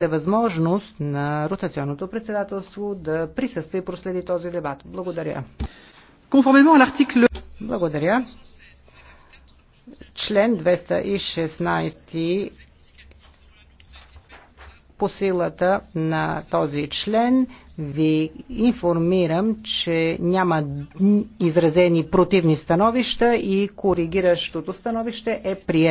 даде възможност на ротационното председателство да присъства и проследи този дебат. Благодаря. Благодаря. Член 216 по силата на този член ви информирам, че няма изразени противни становища и коригиращото становище е прието.